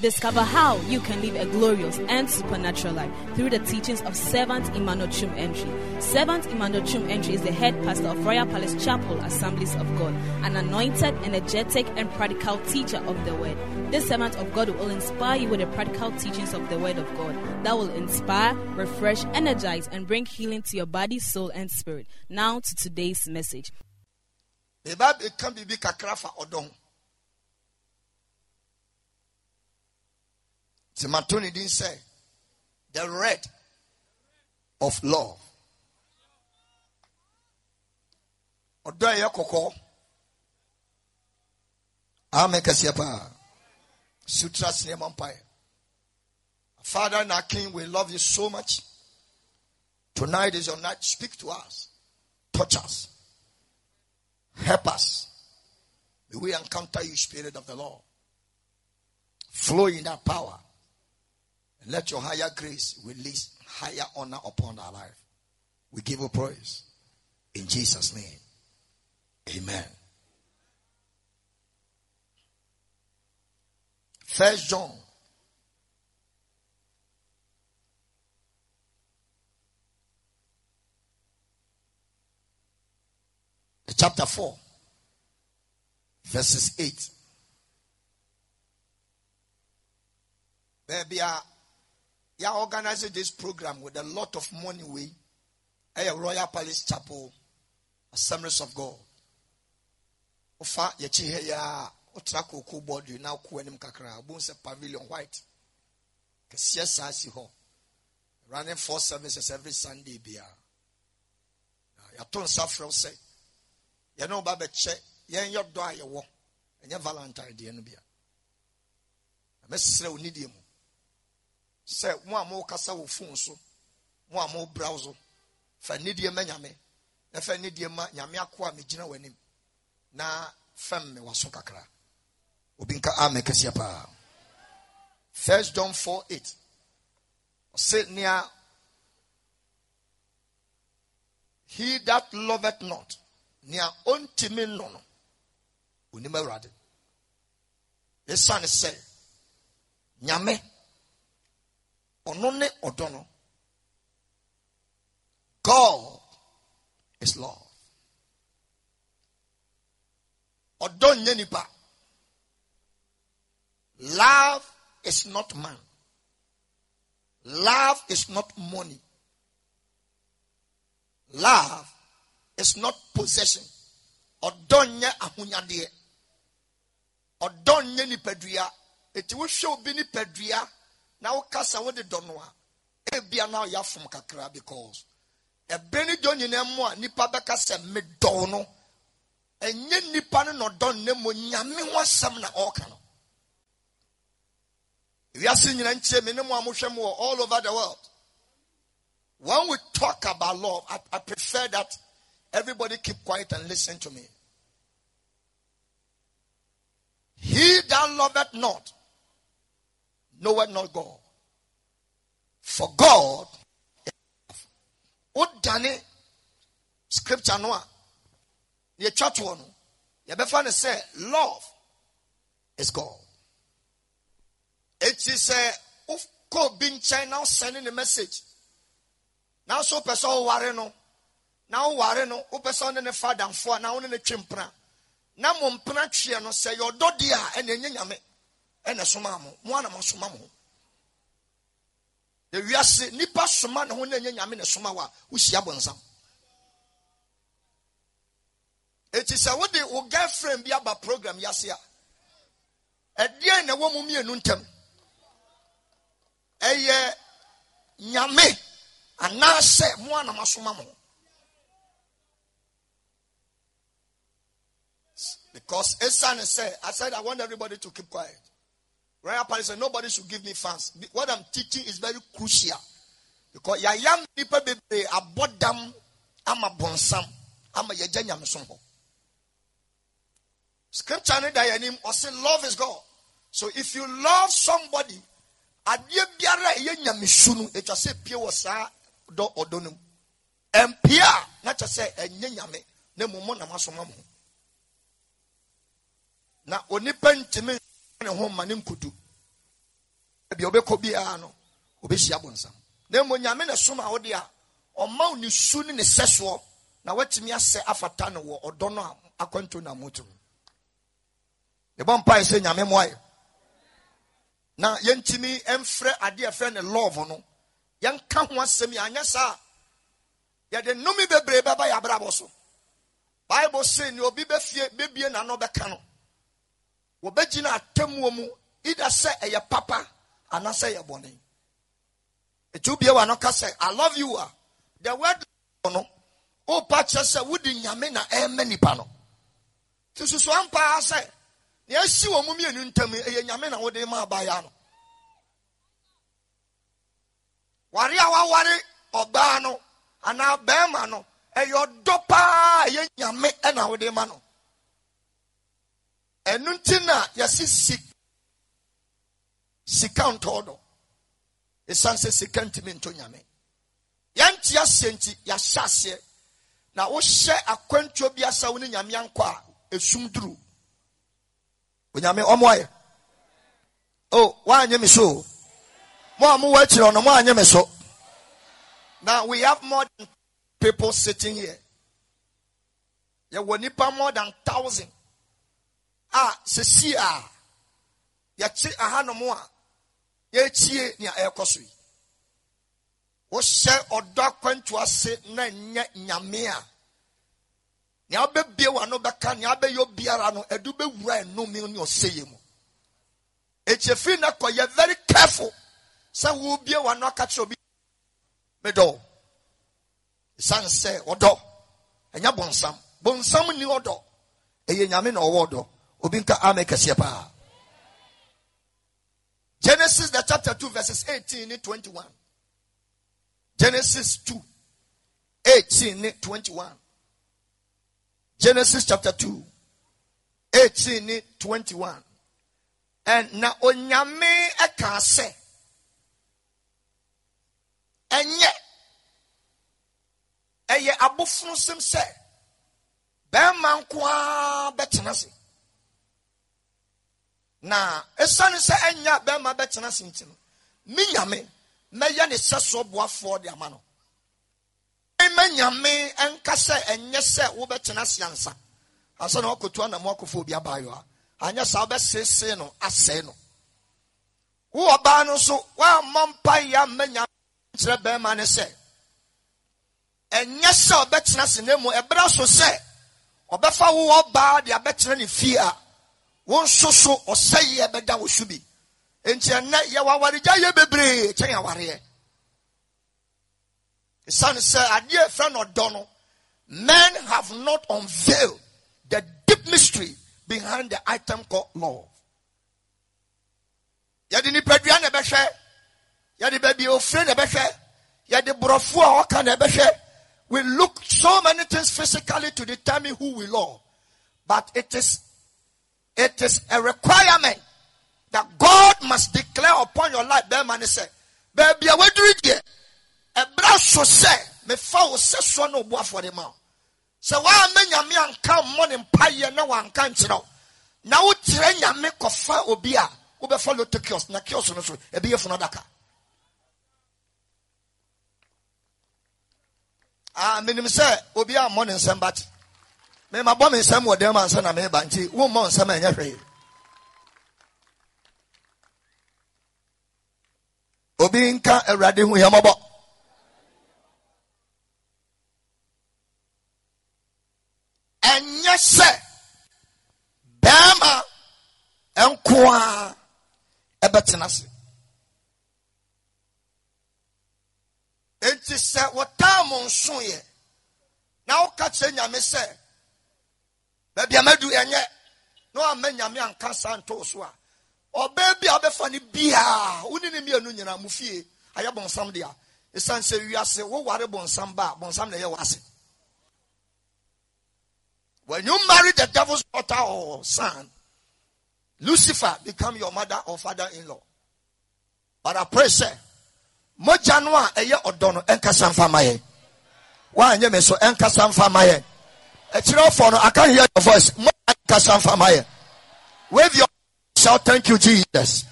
Discover how you can live a glorious and supernatural life through the teachings of Servant Emmanuel Chum Entry. Servant Emmanuel Chum Entry is the head pastor of Royal Palace Chapel Assemblies of God, an anointed, energetic, and practical teacher of the Word. This servant of God will inspire you with the practical teachings of the Word of God that will inspire, refresh, energize, and bring healing to your body, soul, and spirit. Now to today's message. Matoni didn't say the red of law. amen father and our king we love you so much tonight is your night speak to us touch us help us may we encounter you spirit of the lord flow in that power let your higher grace release higher honor upon our life. We give you praise. In Jesus' name. Amen. First John. Chapter 4, verses 8. There be a you are organizing this program with a lot of money we at eh, Royal Palace Chapel, Assemblies of God. Ofa yechi ya otra koko board you now ku enim kakra bun se pavilion white. Kesia sa ho. Running four services every Sunday bia. Ya ton safro se. Ya no ba be che yen yo do ayewo. Enye Valentine de no bia. Mesrɛ wo nidie mu sɛ mo a mokasa wɔ fon so mo a mobraw so fa nidie ma nyame na fa nidie ma nyame ako a megyina w'anim na fam me waso kakra obi nka amen kɛseɛ paa first john 4 8 ɔse nea he that loveth not nea ɔntimi nno no onim awurade ɛsiane sɛ nyame Onone odono. God is love. Odon nipa. Love is not man. Love is not money. Love is not possession. Odonye ahunyade. Odonye nipadua. Eti wohwe obi pedria. Now, wokasa wode dɔ no a ebia na yɛafom kakra because ɛberɛ no dɔ a nnipa bɛka sɛ medɔw no ɛnyɛ nnipa no nɔdɔ no mu nyame ho asɛm samna ɔreka We are nyina nkyerɛ me ne mo all over the world when we talk about love I, I prefer that everybody keep quiet and listen to me he that loveth not knoweth not God. For God what Danny scripture no The church one your be fan say love is God. It is a of course being China sending a message. Now so person worry Now worry no. O person in the father and for now in the chimpra. Now mumpra chia no say your dodia and then yame ɛna soma mo mo ana mo soma mo ewiase nipa soma ne ho na enye nyame ne soma wa wosi abɔnsam eti sɛ wode wo girlfriend bi aba program yase a ɛdeɛ na ɛwɔ mu mmienu ntɛm ɛyɛ nyame anaasɛ mo ana mo soma mo. Because Esan said, I said, I want everybody to keep quiet. Royal Palace said, nobody should give me fans. What I'm teaching is very crucial. Because your young people, they are bottom. I'm a bonsam. I'm a yajanyam somho. Scripture name or say love is God. So if you love somebody, adeɛ biara a ɛyɛ nyamesu no ɛtwa sɛ pie wɔ saa And ɔdɔ not just say a na kyɛ sɛ ɛnyɛ nyame na mmom mo nam asoma ne ho ma ne nkudu bia wobɛkɔ biara no wobɛhyia bonsam na mmom nyame ne som a wode a ɔma wo ne su ne ne sɛ soɔ na woatumi asɛ afata no wɔ ɔdɔ no a akwanto no amoto mu yɛbɔ mpae sɛ nyame mmoayɛ na yɛntumi mfrɛ adeɛ ɛfrɛ ne love no yɛnka ho asɛm yɛ anyɛ saa yɛde nnome bebree bɛba yɛ abrabɔ so bible se ne obi bɛfie bɛbie n'ano bɛka no wɔbɛgyina atemmuo mu ida sɛ ɛyɛ papa anaasɛ ɛyɛ bɔne etu bia wa no ka sɛ i love you a the word no ɔɔpa kyerɛ sɛ wodi nyame na ɛɛmɛ nipa no te soso ampaa sɛ nea esi wɔn mu mmienu ntam ɛyɛ nyame na wɔde ma abaya no Wari a waware ɔbaa no anaa bɛrima no ɛyɛ ɔdɔ paa ɛyɛ nyame ɛna wɔde ma no. ɛnu nti na yɛsi sik sika ntɔɔ do esan sɛ sika ntumi nto nyame yɛnti ase nti yɛahyɛ aseɛ na wohyɛ akwantuo bi asa wo ne nyame ankɔ a esum duru onyame ɔmo ayɛ o wanyɛ mi so mo a mo wɔ akyire ɔno mo anyɛ mi so na we have more than people sitting here yɛwɔ nipa more than thousand. a sisi a yɛkye ahanom a yɛrekyie nea ɛrekɔ so yi wohyɛ ɔdɔ akwantu ase na nyɛ nyame a nea abɛbie wano bɛka nea abɛyɛ obiara no ɛdu bɛwura ɛnome ne ɔsɛyɛ mu ekyefiri na kɔ yɛ very careful sɛ wobie wano aka kyerɛ obi medɔ san sɛ ɔdɔ ɛnyɛ bonsam bonsam ni ɔdɔ eye nyame na ɔwɔ ɔdɔ obi ame amen kɛseɛ genesis the chapter 2 verses 18 and 21 genesis 2 18 ne 21 genesis chapter 2 18 ne 21 and na onyame ɛka sɛ ɛnyɛ ɛyɛ abofono sem sɛ bɛrima nko na esiane sɛ ɛnya bɛrima bɛtena si nti no me nyame mɛyɛ ne sɛsoɔ boafoɔ de ama no mɛ nyame ɛnka sɛ ɛnyɛ sɛ wobɛtena ase ansa ansa na wakɔtu anam akɔfo obi abayewa anyɛ saa wobɛseesee no asɛe no wo ɔbaa no nso woammɔ mpa yɛ amma nyame kyerɛ bɛrima ne sɛ ɛnyɛ sɛ ɔbɛtena si na mu ɛberɛ so sɛ ɔbɛfa wo ɔbaa de abɛtena ne fie a wɔn soso ɔsɛyɛ bɛda wɔ so bi nti ɛnɛ yɛwɔ awaregya yɛ bebree kyɛn awareɛ ɛsiane sɛ adeɛ fɛ no dɔ no men have not unveiled the deep mystery behind the item called love yɛde nipadua na ɛbɛhwɛ yɛde baabi ofire na ɛbɛhwɛ yɛde borɔfo a ɔka na ɛbɛhwɛ we look so many things physically to determine who we love but it is it is a requirement that God must declare upon your life. Bear man say, baby, away do it here. A brasso say, me foul says so no boy for the mouth. So why am yami and come morning pie no one can know. Now train yami kofa obia. Ube follow to kios, na kios no so, e funadaka. Ah, minim say, obia morning sembati. memabɔ me nsɛm wɔ dɛm na meba nti wommɔ nsɛm a ɛnyɛ hwee obi nka awurade hu yɛmmɔbɔ ɛnyɛ sɛ bɛrima nkoa ɛbɛtena ase enti sɛ wɔtaa mo na woka kyerɛ nyame sɛ baabi a madu ɛnyɛ na wama nyame anka saa ntoo so a ɔbaa bi a wobɛfa no biaa wo ne ne mmienu nyinaa mu fie ayɛ bɔnsam deɛ a ɛsiane sɛ wiase woware bɔnsam ba a bɔnsam na ɛyɛ wase when you marry the devil's daughter or son lucifer become your mother or father-in-law but i pray sɛ mogya no a ɛyɛ ɔdɔ no ɛnkasa mfa ma yɛ woanyɛ me so ɛnkasa ɛkyerɛfoɔ no I can't hear your voice mo ankasa mfama yɛ wave your shout thank you Jesus.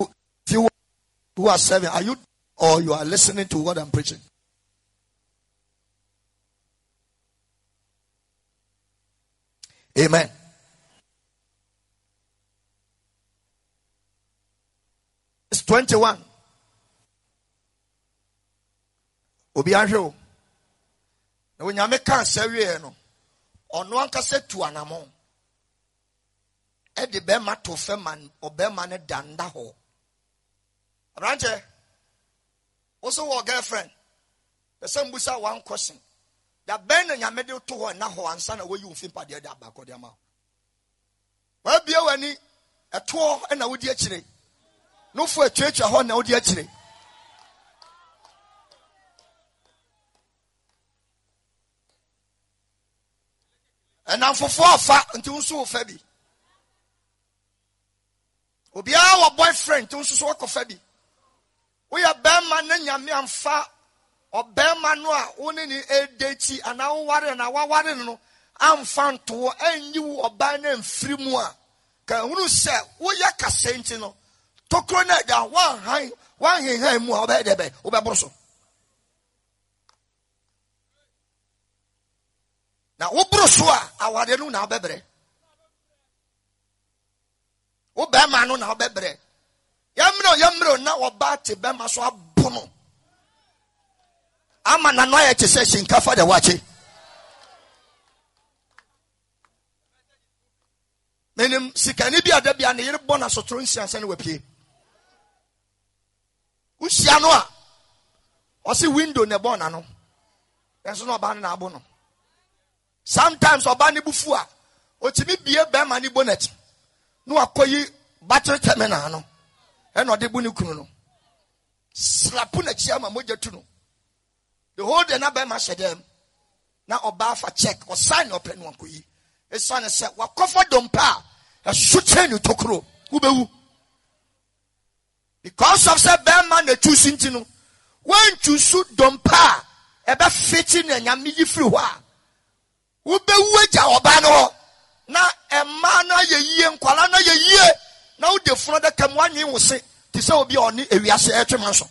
If you who are serving, are you or you are listening to what I'm preaching? Amen. It's 21. obi ahwɛ o na onyame ka asɛ wieɛ no ɔno ankasa tu anamɔ ɛde bɛrima to fɛ ma ɔbɛrima no da nda hɔ aberanteɛ woso wɔ girlfriend pɛ sɛ mbusa one question da bɛn na nyame de to hɔ nna hɔ ansa na woyi wo fi mpadeɛ de aba akɔdeɛ ma wo waabie w'ani ɛtoɔ na wodi akyire nofo atuatua hɔ na wodi akyire ɛnam fofoɔ ɔfa nti nso wɔ fa bi obiara wɔ boyfriend nti nso so wɔkɔ fa bi woyɛ bɛrima ne nyame amfa ɔbɛrima no a na ne ne anaa woware anaa waware no no amfa ntoɔ wo ɔbaa no amfiri mu a ka hunu sɛ woyɛ kasa nti no tokuro no agya woanhan woanhenhan mu a wobɛyɛ dɛ bɛ wobɛboro so na woboro so a awadeɛ no na wobɛbrɛ wo bɛrima no na wobɛbrɛ yɛmmerɛ yɛmmerɛ na wɔba te bɛrima so abo no ama nano ayɛ te sɛ sinkafa de wakye menim sikani bi ada bia ne yere bɔ nasotoro nsiansa no wapie wohyia no a ɔse window ne ɛbɔ na no ɛnso na ɔbaa no na abo no sometimes ɔbaa ne bufu a otumi bie bɛrima ne bonnet na wakɔyi battery terminal no ɛna ɔde bu ne kunu no srapo n'akyi ama mogya tu no the whole day na bɛrima hyɛ dɛm na ɔbaa fa check ɔsan na ɔpɛ na wakɔyi esan sɛ wakɔfa dompa a ɛso kyɛn ne tokuro wobɛwu because of sɛ bɛrima na etu si nti no wɔntu so dompa a ɛbɛ fiti na nyame yi firi hɔ a. wobɛwu agya ɔba no hɔ na ɛma no ayɛ yie nkwala no ayɛ yie na wode funu daka mu anwe wo se te sɛ obi a ɔne ewiase ɛtwe ma so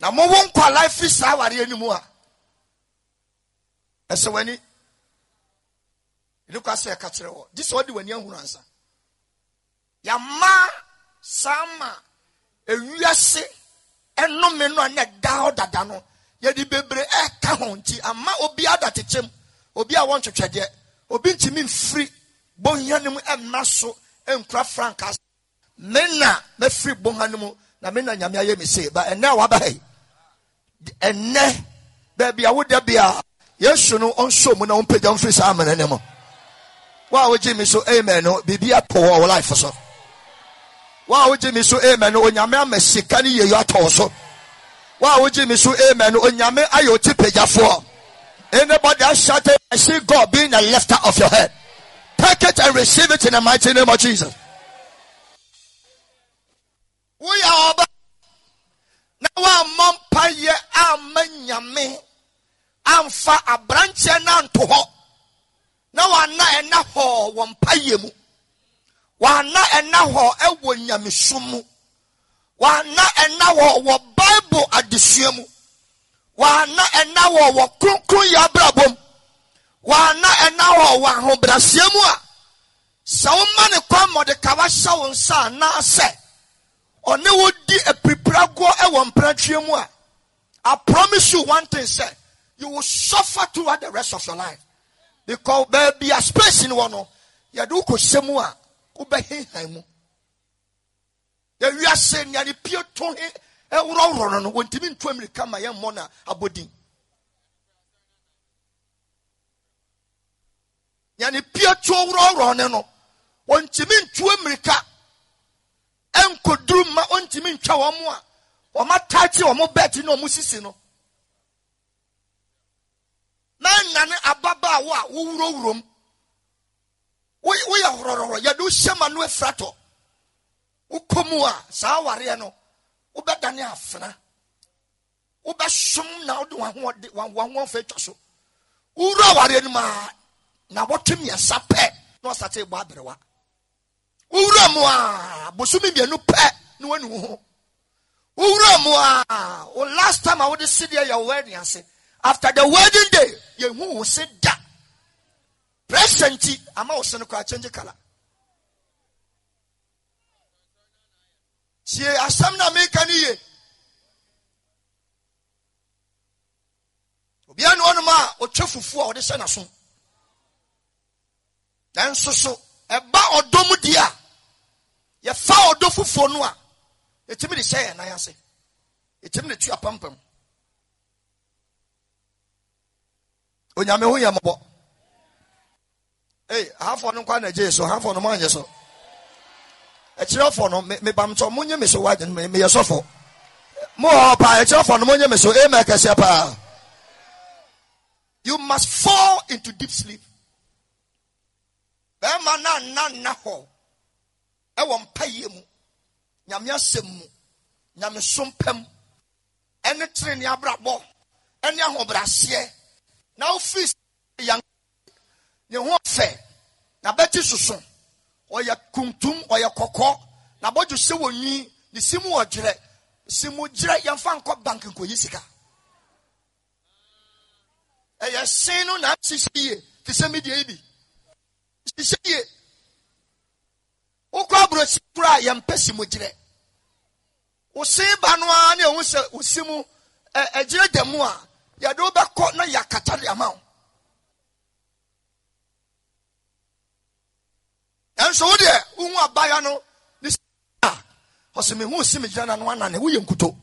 na mowo nkwala fi saa awareɛ no mu a ɛsɛ w'ani ɛne kwa sɛ ɛka kyerɛ wɔ gye sɛ wode w'ani ahunu ansa yɛma saa ma ewiase ɛnome no a ne da hɔ dada no yɛde bebree eh, ɛka ho nti ama obi ada kyekyɛm obi a wɔn twɛtwɛdeɛ obi ntumi nfiri bɔnhia no mu ɛmma so nkura frankaa me na mɛfiri bɔnhia no mu na me na nyame ayɛ me se ba ɛnɛ waba yi ɛnɛ baabi awoda bia yesu no ɔnso mu na ɔmpagya mfiri saa amena no mu wo a wogye me so amen no biribi atɔ wɔ life so wa a wogye me so amen no onyame ama sika ne yɛyi atɔ so wa a wogye me so amen no onyame ayɛ ɔti pagyafoɔ anybody shout shouted I see God being the lifter of your head take it and receive it in the mighty name of Jesus woyɛ ɔba na mpa mpayɛ amen nyame amfa aberanteɛ no anto hɔ na wana ɛna hɔɔ wɔ mu wana ena hɔ ɛwɔ nyamesom wana ena hɔ wɔ bible adesua mu wana ena hɔ wɔ kronkron yɛ abrabɔ wana ena hɔ wɔ ahobrɛseɛ mu a sɛ woma ne kwan mmɔdekawa hyɛ wo nsa anaasɛ ɔne wo di apiripiragoɔ ɛwɔ mprantwie mu a i promise you one thing sɛ you will suffer throughout the rest of your life because baabi a space ni wɔ no yɛde wo kɔ mu a wobɛhenhan mu yɛwiase neane pie to he ɛworɔworɔ no no wɔntumi ntu mmirika ma yɛmmɔ no abɔdin neane pie to worɔworɔ ne no wɔntumi ntu mmirika ɛnkɔduru ma ɔntumi ntwa wɔn mu a wɔn ataakye wɔn bɛɛte ne wɔn sisi no na nane ababaawa a wowurowuro mu woyɛ horɔrɔrɔ yɛde wohyɛ ma no afira tɔ wokɔ mu a saa awareɛ no wobɛdane afena wobɛsom na wode wahoɔfa atwa so wowura awareɛ no mu a na wɔte mmiɛnsa pɛ na ɔsate bɔ aberewa wowura mu a bosome mmienu pɛ na wani wo ho wowura mu a wo last time a wode sedeɛ yɛ wo aniase after the wedding day yɛhu wo se da pressure nti ama wo sene kora change kala tie asɛm na meka no ye obia ne ɔnom a ɔtwa fufuo a ɔde hyɛ n'aso nanso so ɛba ɔdɔ mu di a yɛfa ɔdɔ fufuo no a ɛtumi de hyɛ yɛn nan ase ɛtumi de tu apampam onyame ho yɛ mɔbɔ ee hafọ no nkwa na gye so hafọ no mo anyɛ so akyire afọ no mebamtɔ mo nye me so wagye no meyɛ sɔfo mo hɔ uh, paa akyire afọ no mo nye me so ema kɛseɛ paa you must fall into deep sleep bɛrima na nna nna hɔ ɛwɔ mpayie mu nyame asɛm mu nyame so mpam ɛne tere ne abrabɔ ɛne ahobraseɛ na wofi yan yɛn ho ɔfɛ n'abɛti soso ɔyɛ kuntum ɔyɛ kɔkɔɔ n'abɔdwo sɛ wɔ nwi ne si mu ɔdwerɛ si mu gyerɛ yɛmfa nkɔ bank nkɔyi sika ɛyɛ sin no na sisi yie te sɛ mi deɛ yi bi sisi yie wokɔ aburosi kura a yɛmpɛ si mu gyerɛ wosin ba no ara ne ɛho sɛ wosi mu ɛgyerɛ dɛm a yɛde wobɛkɔ na yɛakata de ama wo ɛnso wo deɛ wohu abaya no ne a ah, ɔsɛ mehu si megyina na no anane woyɛ nkuto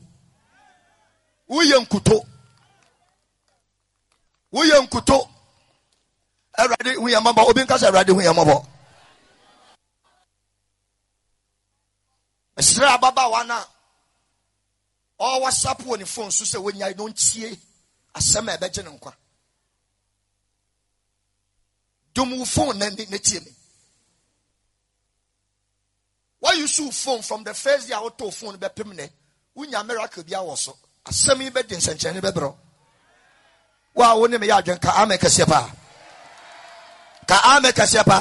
woyɛ nkuto woyɛ nkuto awurade hu obi nka sɛ awurade hu ɛsrɛ ababaawa no a ɔwɔ wɔ ne fon so sɛ no asɛm a ɛbɛgye ne ne tie Why you shoot phone from the first year auto phone be pimne? Unya miracle be our so. Asemi be din senchene be bro. Wa woni me ya dwen ka ame kese Ka ame kese pa.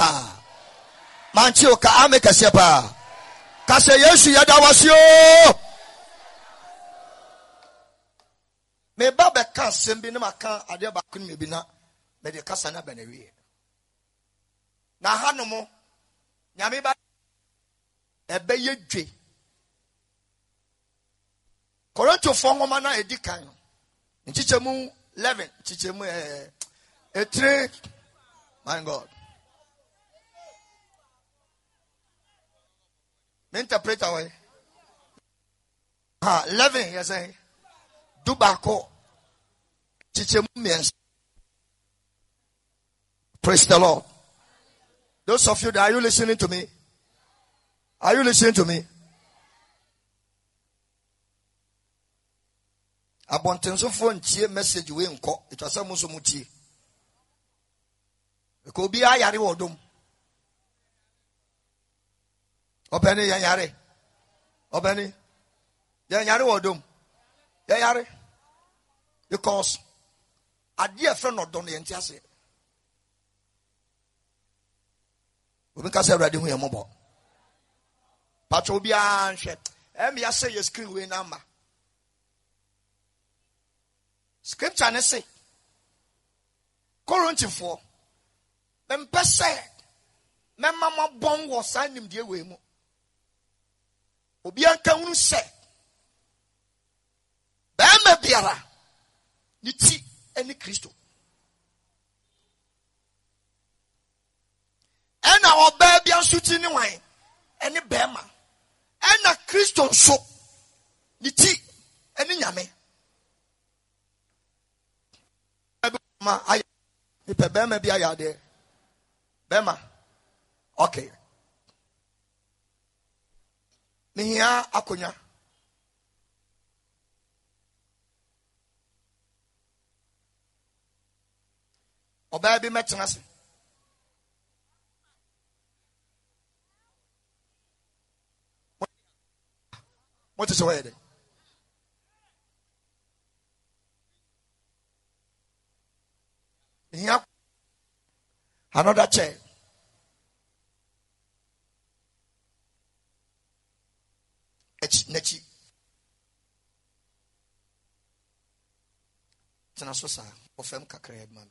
Manchi o ka ame kese pa. Yesu yada da wasio. Me ba be ka asem bi ne maka ade ba me bi na. Me de kasa na Na hanom nyame ba ɛbɛyɛ dwe kɔrɔntofoɔ nwoma no a ɛdi kan no nkyikyɛmu 11 nkyikyɛmu ɛɛ eh, eh, my god me interpreter wɔ ha 11 yɛ sɛ eh. du baako mmiɛnsa praise the lord those of you that are you listening to me are you listening to me? abɔntensofoɔ ntie message we nkɔ ɛtwa sɛ mo nso mo tie ɛkɔ obiara yare Obeni dom ɔbɛne yɛn yare ɔbɛne yɛn yare because adeɛ fɛ no ɔdɔ no yɛn ti aseɛ obi ka sɛ awurade hu yɛn mmɔbɔ patro biara nhwɛ ɛmi asɛ yɛ screen wei n'ama scripture ne se korontifoɔ mpɛ sɛ mɛma mo abɔn wɔ saa nimdeɛ wei mu obiara nka hunu sɛ bɛrima biara ne ti ne kristo ɛna ɔbaa bia nso ti ne wan ne bɛrima ɛna kristo nso ne ti ɛne nyame ma ayɛ nipa bɛrima bi ayɛ adeɛ bɛrima ok mihia akonya ɔbaa bi mɛtena se. What is your Here, another chair. n'akyi tena so Good. Good. kakra ma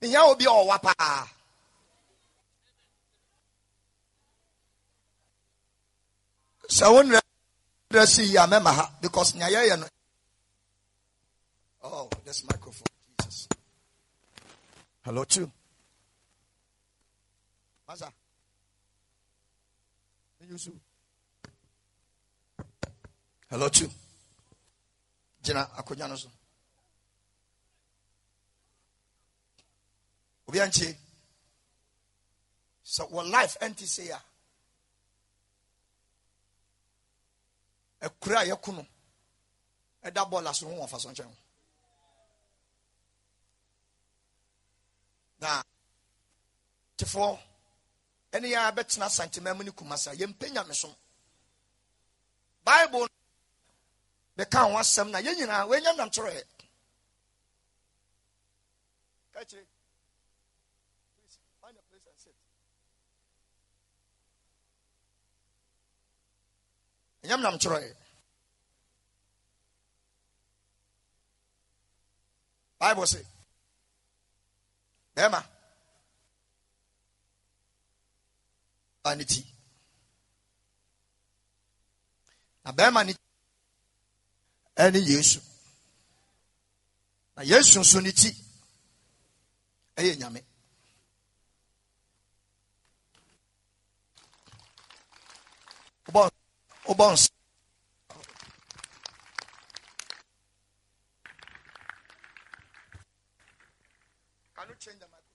me nnya obi a ɔwa sɛ wo nwerɛ si yi a mɛma ha because nea yɛyɛ no oh this microphone jesus hello two masa Yusuf. hello two gyina akonnwa no so obi ankye sɛ wɔ life ɛnte se a ɛkura a yɛku no ɛda bɔɔla so no wɔn nkyɛn na tefoɔ ɛne yɛn abɛtena santima mu ne kumasa yɛmpɛ nyamesom bible bɛka ho asɛm na yɛn nyinaa wɔanya nam twerɛ ɛ ɛnyam nam kyerɛɛ bible se "Bema, vanity." ne ti na bɛrima ne ɛne yesu na yesu nso ne ti ɛyɛ nyame Obons. Can you change the microphone?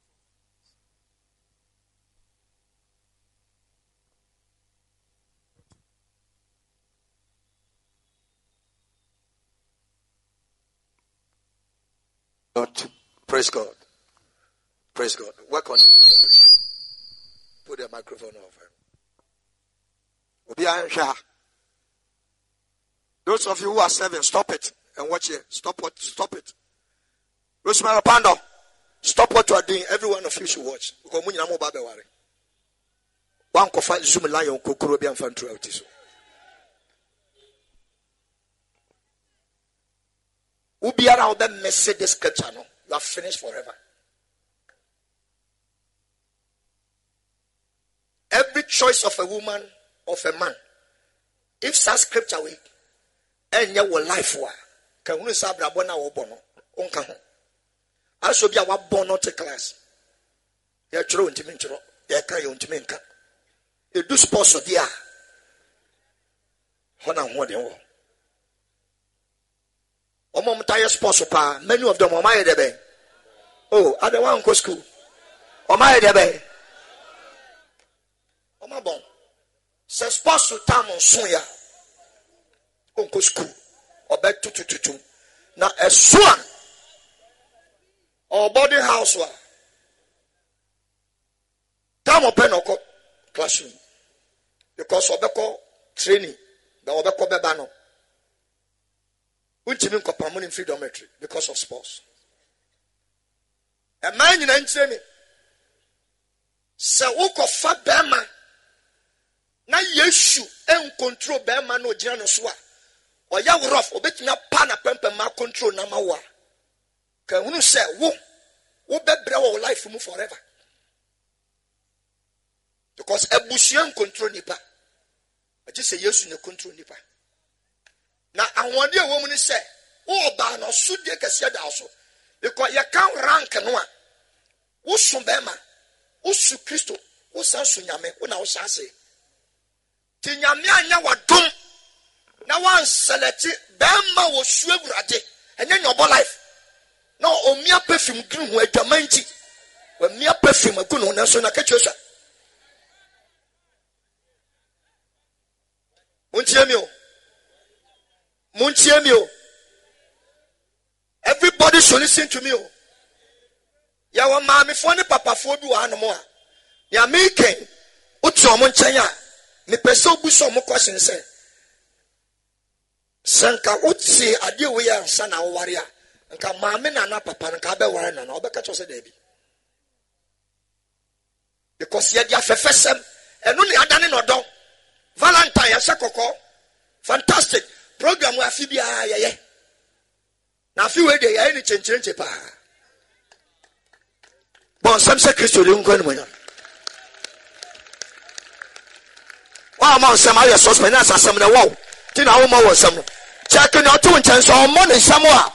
God. Praise God. Praise God. Work on Put the microphone over. Obi those of you who are serving, stop it and watch here. Stop what? Stop it. Rosemary Pando, stop what you are doing. Every one of you should watch. Because One kofa zoom lion kokoro bi amfa ntro out so. Ubi ara scripture You are finished forever. Every choice of a woman, of a man, if such scripture will ɛnyɛ wɔ life a kahunu sɛ abrabɔ no a wɔbɔ no wonka ho asɔ bi a wabɔ no te class yɛtwerɛ ɔntimi ntwerɛ yɛka yɛ ɔntimi nka ɛdu sports deɛ a hɔ na hoɔden wɔ ɔma ɔmta yɛ sports paa many of them ɔmayɛ dɛ bɛn o oh, wa woankɔ school ɔmayɛ dɛ bɛn ɔmabɔn sɛ sports tam nso yɛ nkɔ sukuu ɔbɛtutututum na ɛso a ɔbɔde house a tam ɔpɛ na ɔkɔ classroom because ɔbɛkɔ training na ɔbɛkɔ bɛba no wontumi nkɔpamu ne mfiri dormitory because of sports ɛmaa nyinaa nkyerɛ mi sɛ wokɔfa bɛrima na yesu nkontro bɛrima na ogyina no so a ɔyɛ wo rɔf obetumi apa na pɛmpɛm ma control na ma wa ka ehunu sɛ wo wo bɛbrɛ wɔ wo life mu forever because ebusua nkontrol nipa ɛkyi sɛ yesu ne control nipa na ahoɔden a ɛwɔ mu ni sɛ wɔwɔ baa na ɔsodie kɛseɛ da so because yɛka rank no a woso bɛrima woso kristo wosan so nyame wona wohyɛ ase te nyame anyɛ wadom na wansɛlɛkyi bɛrima wɔ su awurade ɛnyɛ nyɛ ɔbɔ life na omia pɛfim giri ho adwama nti wɔmia pɛfim agu ne ho nanso na kɛkyɛ sua montie mi o montie mi o everybody should listen to me o yɛwɔ maamefoɔ ne papafoɔ bi wɔ hanom a nea meekɛn wote ɔmo nkyɛn a mepɛ sɛ wobu sɛ ɔmo kɔsen sɛ sɛ nka wotie adeɛ wei a nsa na woware a nka maame nana papa no nka abɛware na wobɛka kyɛw sɛ daabi because yɛde afɛfɛ sɛm ɛno ne adane na ɔdɔ valentine yɛhyɛ kɔkɔɔ fantastic program afe biara yɛyɛ na afe wei deɛ yɛyɛ ne paa sɛ kristo de nkɔ a wɔn nsɛm ayɛ sɔspɛn nti na awoma wɔ nsɛm no sɛ akonnwa ɔte wo nkyɛn sɛ ɔmmɔ a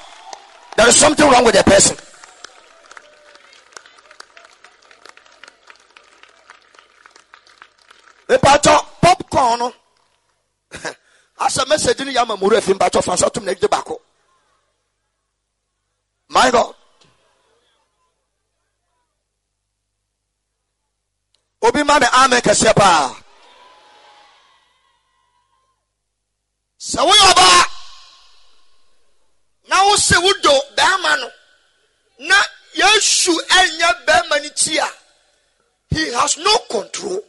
there is something wrong with the person mpatɔ popcorn no asɛ mɛsɛgye no yɛ ama mmuru afi mpatɔ fa nsa na agye baako my god obi ma me amen kɛseɛ paa sɛ woyɛ ɔbaa na wo se wodo bɛrima no na yesu ɛnyɛ bɛrima no ti a he has no control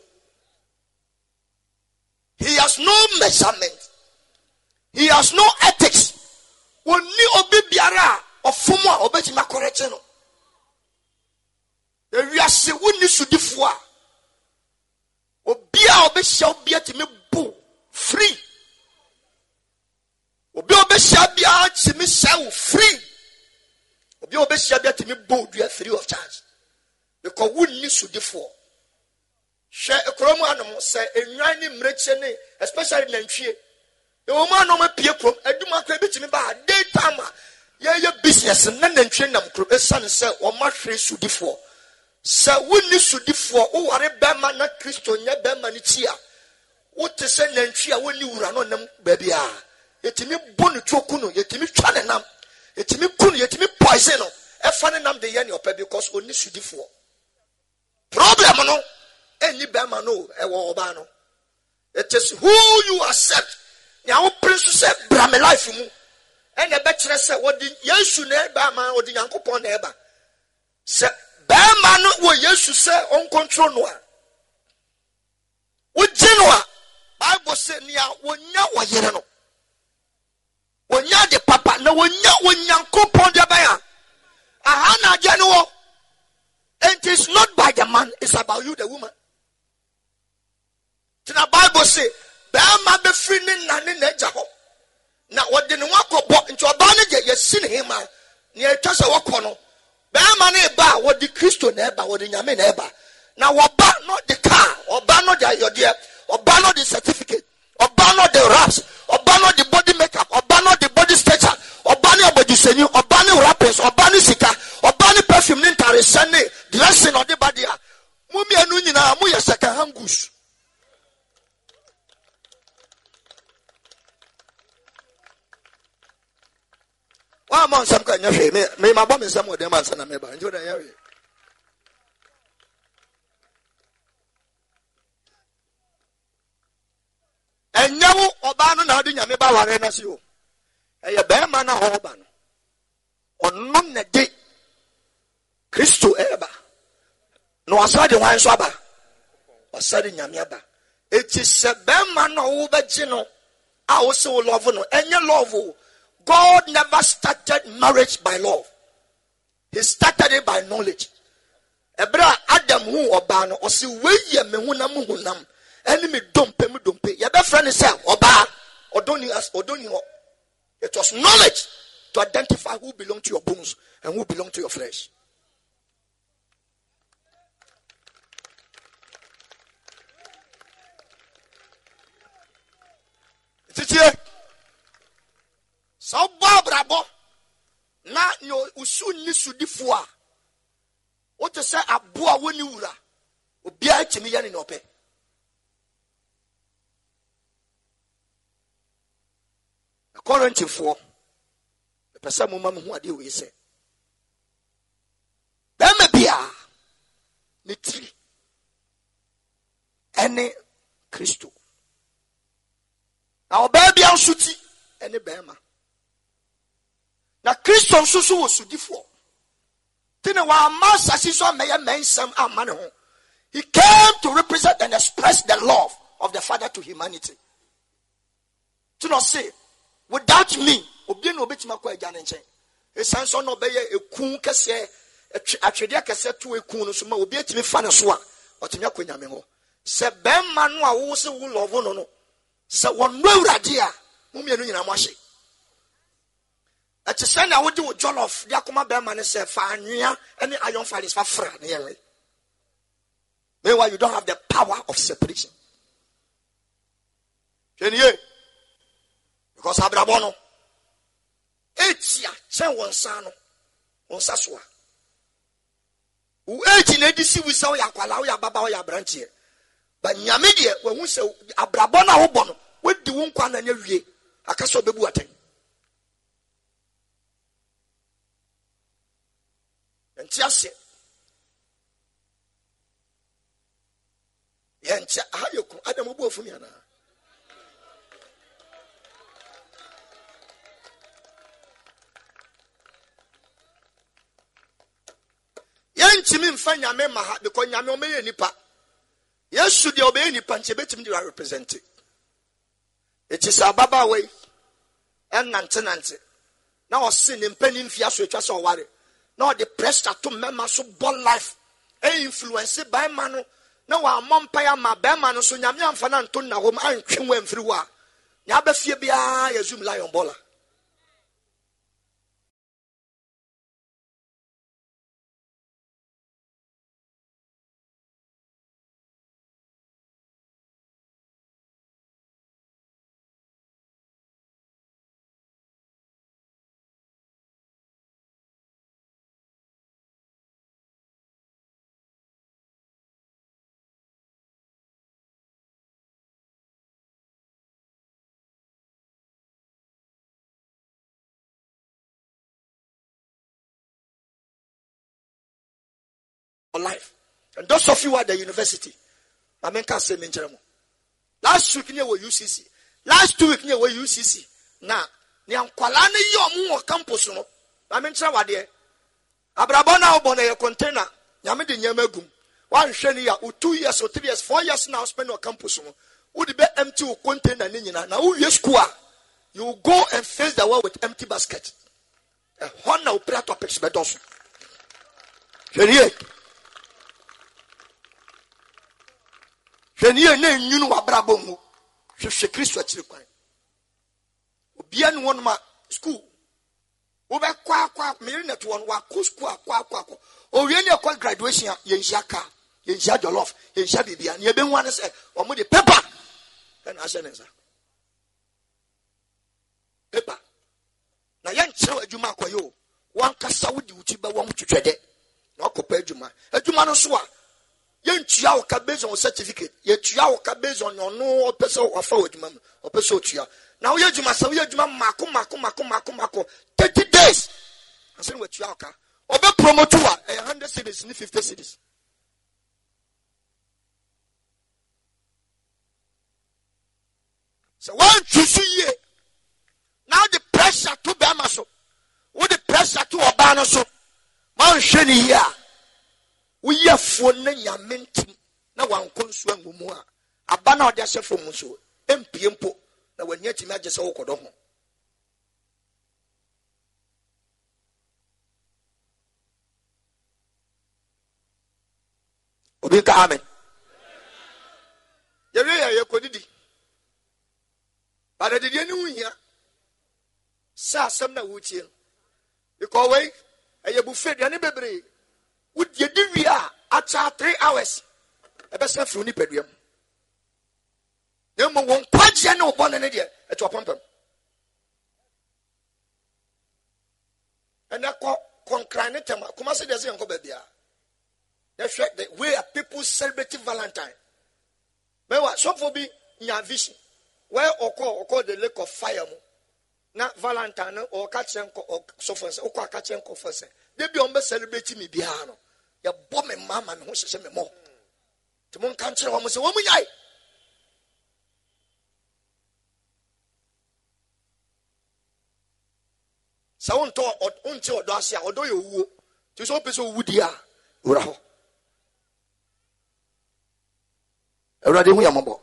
he has no measurement he has no ethics wonni obi biara a ɔfom a ɔbɛtumi akɔrɛkye no ewiase wonni sodifoɔ a obi a ɔbɛhyia obi atumi bu free obi a ɔbɛhyia biara tumi hyɛ free obi a ɔbɛhyia biara tumi bɔ odua free of charge because wonni sodifoɔ hwɛ kurom anom sɛ enwan ne mmerekyɛ ne especially nantwie ewom anom apue kurom adwuma koraa ebitumi ba day time a yɛyɛ business na nantwie nam kurom esiane sɛ wɔma hwere sodifoɔ sɛ wonni sodifoɔ woware bɛrima na kristo nyɛ bɛrima no kyi a wote sɛ nantwie a wonni wura no nam baabi a yɛtumi bu ne tuo ku no yɛtumi twa ne nam yɛtumi ku no yɛtumi poison no ɛfa ne nam de yɛ ne ɔpɛ because ɔni sudifoɔ problem no ɛnni bɛrima no ɛwɔ ɔbaa no it is who you accept nea wopere nso sɛ bra me life mu ɛna ɛbɛkyerɛ sɛ wɔde yesu na ɛba ama wɔde nyankopɔn na ɛba sɛ bɛrima no wɔ yesu sɛ ɔnkontrol no a wogye no a bible sɛ nea wɔnya wɔ yere no wonya de papa na wonya onyankopɔn de bɛn a aha na agye ne wɔ it is not by the man it's about you the woman tena bible say bɛrima bɛfiri ne na ne n'agya hɔ na wɔde ne ho akɔbɔ nti ɔbaa no gye yɛsi ne hema nea atwa sɛ wɔkɔ no bɛrima no ba a wɔde kristo na ɛba wɔde nyame na ɛba na wɔba no de car ɔba no de ayɔdeɛ ɔba no de certificate ɔba no de wraps ɔba no de body mmɔ nsɛm ka nyɛ hwee mema bɔ me nsɛm wɔ dɛm na meba nti no na ade nyame ba ware o ɛyɛ bɛrima ɔba no ɔno na kristo ɛɛba na de nso aba de nyame aba eti sɛ bɛrima no a no ɛnyɛ o God never started marriage by love. He started it by knowledge. Ebra Adam hu oba no osi weye me hunam hunam ɛne me dompe me dompe yɛbɛfrɛ friend sɛ Oba, Odoni as ɔdɔni hɔ it was knowledge to identify who belong to your bones and who belong to your flesh. titie sɛ wobɔ abrabɔ na nea osu nni sodifoɔ a wote sɛ aboa a wɔnni wura obiara kyimi yɛ ne na ɔpɛ kɔrɛntifoɔ mepɛ sɛ moma me ho adeɛ wei sɛ bɛrima biaa ne tiri ɛne kristo na ɔbaa bia nso ti ɛne bɛrima na kristo nso so wɔ sodifoɔ te ne wɔama asase so amɛyɛ mɛnsɛm amma ne ho he came to represent and express the love of the father to humanity To not say, without me obi na obɛtumi akɔ agya ne nkyɛn ɛsiane sɛ ɔna ɔbɛyɛ eku kɛseɛ atwedeɛ kɛseɛ to eku no so ma obi atumi fa ne so a ɔtumi akɔ nyame hɔ sɛ bɛrima no a wɔwɔ sɛ wɔn lɔɔbo no no sɛ wɔn a mmienu nyinaa ahyɛ ɛte wo akoma sɛ fa ne meanwhile you don't have the power of separation hwɛnie because abrabɔ no ɛtia kyɛn wɔ nsa no wɔ nsa so a wo age na adi si wo sɛ akwala ababa aberanteɛ but nyame deɛ wahu sɛ abrabɔ no a wobɔ no wodi wo nkwa na ne awie aka sɛ atɛn nti aseɛ yɛnkyɛ aha yɛ ku adam wobu afu mi anaa yɛntumi mfa nyame ma ha because nyame ɔmɛyɛ nipa yesu deɛ ɔbɛyɛ nipa nkyɛ bɛtumi de warepresente ɛti sɛ ababaawa yi ɛnantenante na ɔse ne mpa ne mfia so atwa sɛ ɔware na ɔde pressure to mmarima so bɔ life ɛyɛ influence barima no na wɔamɔ mpae ama barima no so nyame amfa no anto nna hɔ m antwe wo amfiri hɔ a nea abɛfie biara yɛ zoom lion bɔla for life and those of you who are the university maame nka se mi nkyerɛ mo last week ne wɔ ucc last two week ne wɔ ucc na ne nkwalaa ne yi ɔmo wɔ campus no maame nkyerɛ wadeɛ abrabɔ na ɔbɔ na yɛ container nyame de nneɛma egum wanhwɛ ne ya o two years o three years four years na spend wɔ campus no o de bɛ empty o container ni nyinaa na o wie school a you go and face the world with empty basket ɛhɔn na o pray topics bɛ dɔ so hwɛ ne yie. daniel na enyini wabrabɔ mu hwehwɛ kristu akyiri kwan obia ne wɔn ma skul wobɛkɔ akɔ mmeri na to wɔn wakɔ skul akɔ akɔ akɔ owie ne ɛkɔ graduation a yɛnhyia kaa yɛnhyia jollof yɛnhyia biribi a nea ebɛnwa ne sɛ wɔn de pɛpa ɛna ahyɛ ne nsa pɛpa na yɛnkyerɛ adwuma akɔyɛ o wɔn kasa wodi wuti bɛ wɔn twitwɛ dɛ na ɔkɔpɛ adwuma adwuma no so a yɛntua wo ka based on certificate yɛtua wo ka based on ɔno ɔpɛ sɛ wafa wɔ adwuma mu ɔpɛ sɛ ɔtua na woyɛ adwuma sɛ woyɛ adwuma mako mako mako mako mako thirty days ansɛ ne watua wo ka ɔbɛ promote wa ɛyɛ eh, hundred cities ne fifty cities sɛ woantwi so yie na wode pressure to bɛrima so wode pressure to ɔbaa no so ma nhwɛ ne yie a woyɛ fuo ne nyame ntim na wankɔ nsuo angu mu a aba na ɔde ahyɛ fam nso ɛmpie mpo na w'ani atumi agye sɛ wokɔdɔ ho obi nka amen yɛwie yɛ yɛkɔdidi bada didiɛ ne ho hia sɛ asɛm na wotie no bikɔ wei ɛyɛ bufe aduane bebree wodie di wie a akyɛ three hours ɛbɛsɛ firi nipadua mu na mmom wɔn kwagyeɛ ne wɔbɔne ne deɛ ɛtwa pɔmpɛm ɛnɛ kɔ kɔnkran ne tɛm kɔma sɛ deɛ sɛ yɛnkɔ baabia yɛhwɛ the way a people celebrate valentine mɛwa sɔfoɔ bi nya vision where ɔkɔ ɔkɔ the lake of fire mu na valentine no ɔka kyerɛ nkɔ sɔfoɔ sɛ wokɔ aka kyerɛ nkɔfoɔ sɛ debi ɔmbɛ celebrate me biara no yɛbɔ me mama ma ne ho hyehyɛ me mmɔ nti monka nkyerɛ hɔ m sɛ wɔ mu nyae sɛ wontɔ wonte ɔdɔ ase a ɔdɔ yɛ owuo nti sɛ wopɛ sɛ wowu di a wura hɔ awurade hu yɛ o o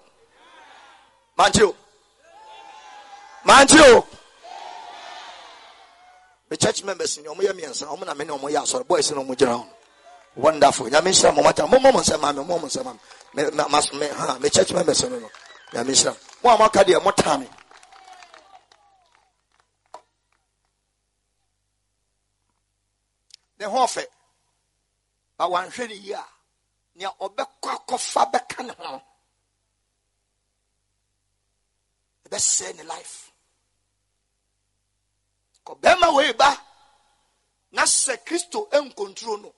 me church members ni ɔmo yɛ mmiɛnsa ɔmo na me ne ɔmo yɛ asɔre boys na ɔmo gyina wonderful nyame nhyira mo mata mo mo nsɛm maame mo mo nsɛm maame me me me ha me church members no no nyame nhyira mo a mo aka deɛ mo taa me ne ho ɔfɛ ba wanhwɛ ne yie a nea ɔbɛkɔ akɔfa bɛka ne ho ɛbɛsɛe ne life kɔ bɛrima wei ba na sɛ kristo nkonturo no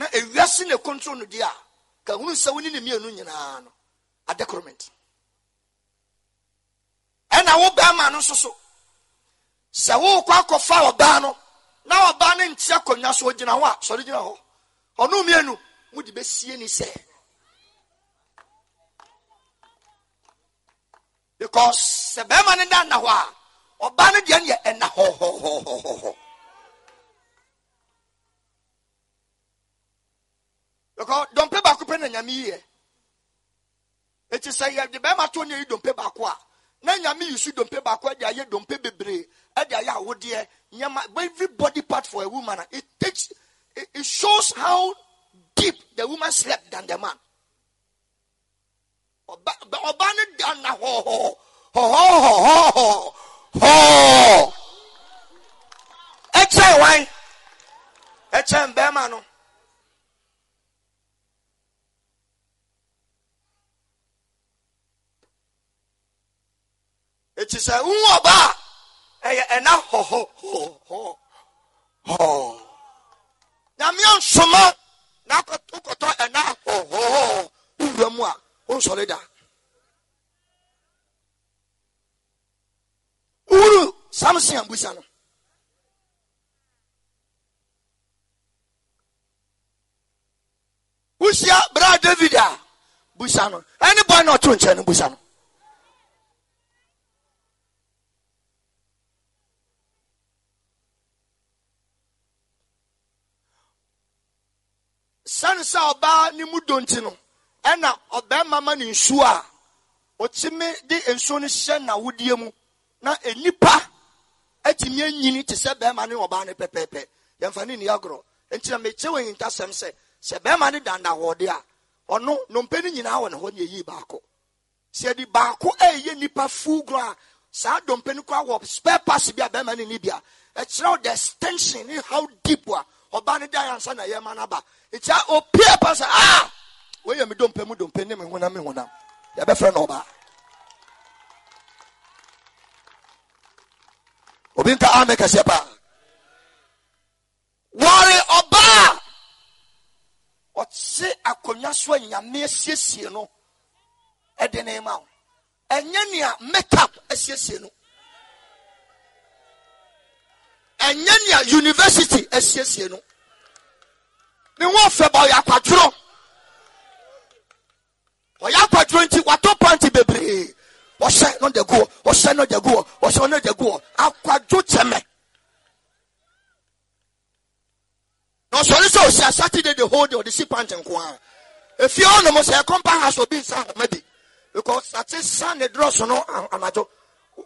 na ewiase na control no deɛ a ka hunu sɛ wo ne ne mmienu nyinaa no adekoromenti ɛna wo bɛrima no nso so sɛ akɔfa ɔbaa no na ɔbaa no nte akonnwa so ogyina hɔ a sɔre gyina hɔ ɔno mmienu mode bɛsie ni sɛ because sɛ bɛrima no da nna hɔ a ɔbaa no deɛ no yɛ ɛna because don't pay back, dɔmpe baako pɛ na nyame yie eti sɛ yɛ de bɛrima to ne yi dɔmpe baako a na nyame yi su dɔmpe baako ɛde ayɛ dɔmpe bebree ɛde ayɛ awodeɛ nyama every body part for a woman it takes it, shows how deep the woman slept than the man ɔba ɔba ne da na hɔhɔ hɔhɔ hɔhɔ hɔhɔ ɛkyɛn wan ɛkyɛn bɛrima no. eti sɛ nwu ɔbaa ɛyɛ ho hɔhɔhɔhɔ nyamea nsoma na wokɔtɔ ɛna eh, hɔhɔhɔ wowura mu a wonsɔre ho ho samson abusa no wosia Uru david a busa no Davida busano. Anybody ɔto nkyɛn no busa no ansa ɔbaa ne mu donti no ɛna ɔbɛrima ma ne nsuo a ɔtumi de nsuo no hyɛ n'ahodeɛ mu na nipa atumi anyini te sɛ bɛrima ne ɔbaa ne pɛpɛɛpɛ yɛmfa ne nni agorɔ nti na mekyerɛ wɔ nhintasɛm sɛ sɛ bɛrima ne danda wɔde a ɔno nnompe no nyinaa wɔ ne hɔ ne ɛyii baako sɛ de baako a nipa fuu gorɔ a saa dompe no koraa wɔ spare bi a bɛrima ne ni bi a ɛkyerɛ the extension ne how deep wa ɔbaa ne da yansa na yɛma no aba nti opie pɛ sɛ a wɔyɛ me dompe mu dompe ne me honam me honam yɛbɛfrɛ no ɔbaa obi nka ame kɛseɛ paa wɔre ɔbaa ɔte akonnwa so a nyame asiesie no ɛde ne ma wo ɛnyɛ nea makeup asiesie no ɛnyɛ nea university asiesie no ne ho fɛ ba ɔyɛ akwadworɔ ɔyɛ akwadworɔ nti watɔ panti bebree wɔhyɛ no da gu hɔ wɔhyɛ no da gu hɔ wɔhyɛ no da gu hɔ akwadwo kyɛmɛ na de hold ɔde si panti nko ara efie hɔ nom sɛ ɛkɔmpa ha bi nsa ahoma bi because ate san ne drɔso no anadwo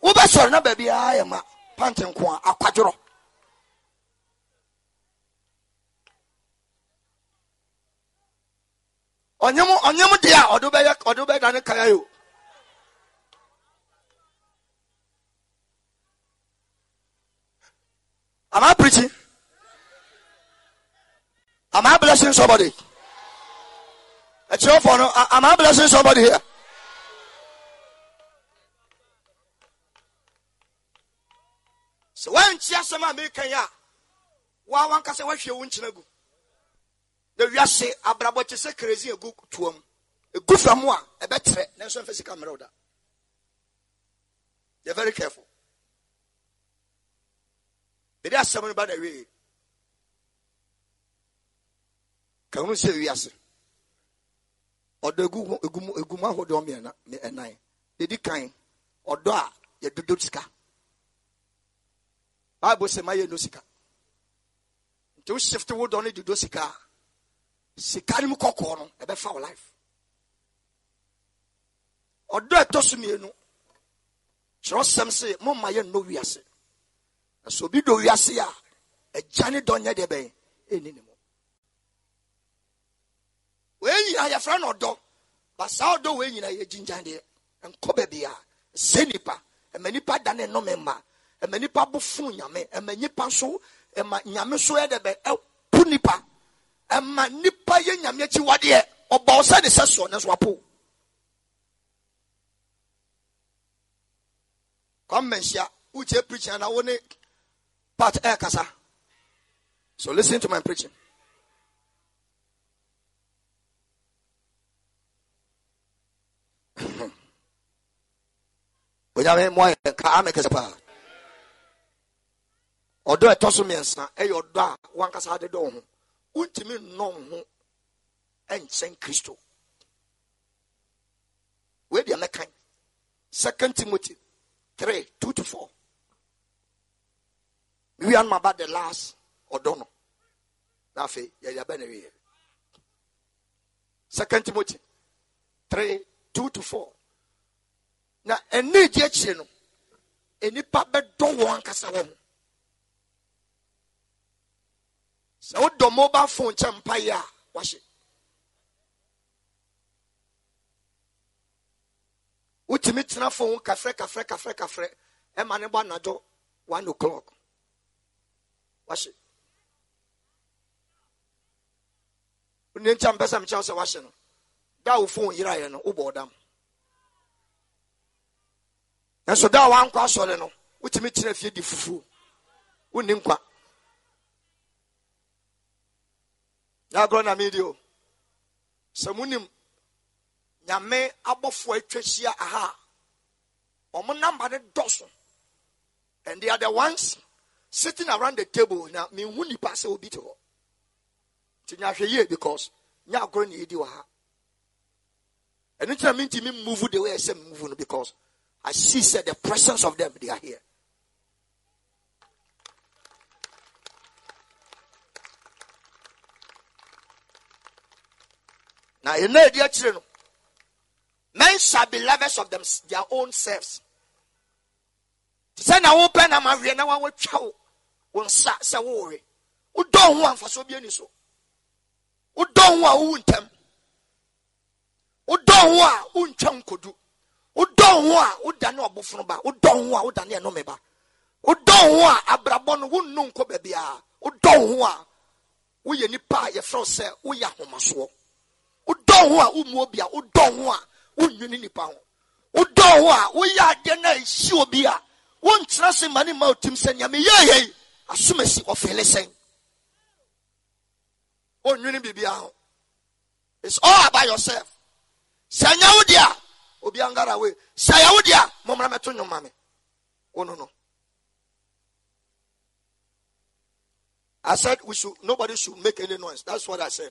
wobɛsɔre na baabi a ayɛ ma panti nko ara akwadworɔ. kaya am i preaching am i blessing somebody for no am i blessing somebody here. so when asɛm a meka yi a woa wankasɛ woahwɛ wo nkyena gu na wiase abrabɔ te sɛ krezi egu toa egu fam a ɛbɛtrɛ nanso nfɛ sika mmerɛw da yɛ very careful bɛde asɛm no ba na wie ka hunu sɛ wiase ɔdɔ egu egu egu mu ahodoɔ mmiɛnna ne ɛnan dedi kan ɔdɔ a yɛdodo sika baabu sɛ mayɛ no sika nti o shift wo dɔ ne dodo sika Sikari no mu kɔkɔɔ no ɛbɛfa wo life ɔdɔ ɛtɔ so mmienu kyerɛsɛm se momma no wiase ɛsɛ obi dɔ wiase a agya ne dɔ nyɛ deɛ bɛn ɛnni ne mu wei nyinaa yɛfrɛ no ɔdɔ ba saa ɔdɔ wei nyinaa yɛgyingyan deɛ nkɔ baabia sɛ nipa ɛma nipa da ne nnome mma ɛma nipa bo funu nyame ɛma nipa nso ɛma nyame so ɛdɛ bɛ ɛpo nipa ɛma nipa yɛ nyame akyiwadeɛ ɔbɔ sɛ ne de soɔ ne nso apo kɔmmanhyia wokyɛ preaching na wo ne part ɛɛkasa so listen to my preaching onyame mmoa yɛ ka ame kɛsɛ paa ɔdɔ ɛtɔ so mmiɛnsa ɛyɛ ɔdɔ a wankasa de dɔ ho wontumi nnɔ ho nkyɛn kristo wei deɛ mɛkan second timothy 3 2 to 4 mewi anom aba the last ɔdɔ no na afei yɛde abɛ na second timothy 3 2 to 4 na ɛne gye Any no nnipa bɛdɔ wɔn ankasa wɔ ho sɛ wodɔ mobile phone kyɛ mpaeɛ a wahye wotumi tena phone kafrɛ kafrɛ kafrɛ kafrɛ ɛma ne bɔ anadwo one o'clock wahye ne nkyɛn mpɛ sɛ mekyɛw sɛ wahye no da wo phone yeraeɛ no wobɔ ɔdam nanso da a wankɔ asɔre no wotumi tena fie di fufuo wonni nkwa yɛagorɔ na mede o sɛ monim nyame abɔfoɔ atwa hyia aha a namba ne dɔ and they are the ones sitting around the table na menhu nipa sɛ obi te hɔ nti nyahwɛ yie because nyɛ agorɔ na yɛdi wɔ ha ɛno ntina mentimi move the way I say move no because I see said the presence of them they are here Now ɛna adi dear children, men shall be lovers of them, their own selves sɛ na wopɛ na maweɛ na wawatwa wo wo nsa sɛ wowore wodɔ ho a mfasoɔ bi ani so Who don't want wodɔ ho a wowu ntɛm wodɔ ho Who don't want wodɔ ho a wodane ɔbofono ba wodɔ ho a wodane ɛnome ba wodɔ ho a abrabɔ who wonno nkɔ baabiaa wodɔ ho a woyɛ nipa a yɛfrɛ wo sɛ woyɛ ahomasoɔ Do ho a womu obi a wodɔ ho a wonnwene nipa ho wodɔ ho a woyɛ adeɛ no a ɛsi obi a wonkyerɛ se ma ne ma otim sɛ nea meyɛ yɛi asomasi ɔfele sɛn wonnwene biribia ho its all about yourself sɛ nyɛ wo deɛ a obi angara wei sɛ yɛ wo deɛ a mommra mɛto nwom ma me wo no no I said we should nobody should make any noise. That's what I said.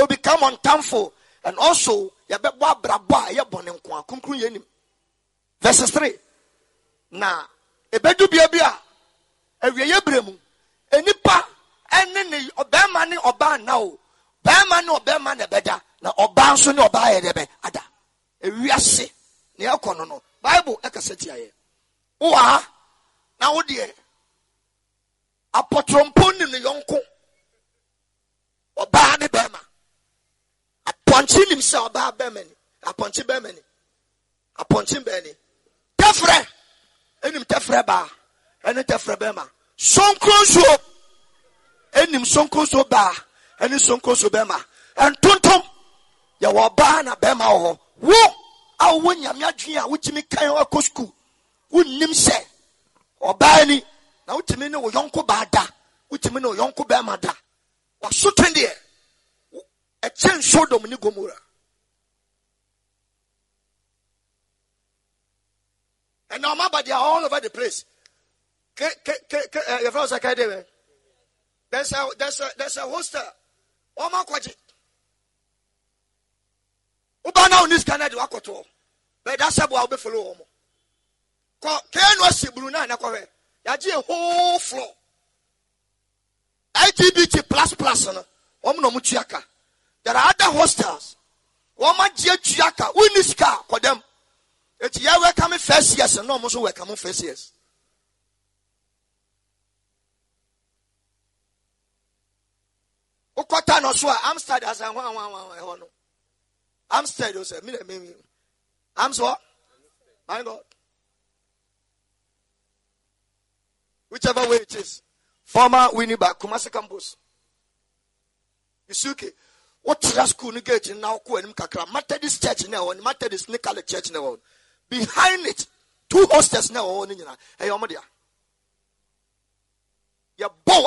they will become unthankful and also yɛbɛbɔ abrabɔ a ɛyɛ bɔne nko verses 3 na ɛbɛdu bia bi a awieyɛ berɛ mu nnipa ne ne ɔbarima ne ɔbaa nna o barima ne ɔbarima na ɛbɛda na ɔbaa nso ne ɔbaa yɛ dɛ ada ewiase na yɛkɔ no no bible ɛkasa tia yɛ wowɔ na wo deɛ apɔtɔrɔmpo nim ne yɔnko ɔbaa ne bɛ apɔnkye nim sɛ ɔbaa bɛma ni apɔnkye bɛma ni apɔnkye bɛni tɛfrɛ enim tɛfrɛ baa ɛne tɛfrɛ bɛma sonkonso enim sonkonso baa ɛne sonkonso bɛma ɛntontom yɛ wɔ ɔbaa na bɛma wɔ hɔ wo a wo nyame adwene a wotumi kan akɔ sukuu wonnim sɛ ɔbaa ni na wotumi ne wo yɔnko baa da wotumi ne wo yɔnko bɛma da wasoten deɛ ɛkyɛn sodom ne gomora and now mama they are all over the place ke ke ke ke eh, your there's a there's a there's a hostel ɔmo akɔgye ɔbaa naa onis ghana de wakɔtɔ bɛda sɛboa ɔbɛfolo wɔn kɔ Kano ɔsi buru naa nakɔhɛ yagye a whole floor lgbt plus plus no wɔn na wɔn tua ka. there are other hostels wɔn agye atua ka for them. It's yeah, we're coming first years na we're coming first years. wokɔta no so a amstad asan ho awa ɛhɔ no amstad o mi na my god whichever way it is former winnie kumasi campus isuke wotra school no now? na wokɔ anim kakra methodist church now ɛwɔ methodist ne church now? behind it two hostels now. ɛwɔ no nyinaa ɛyɛ ɔmo dea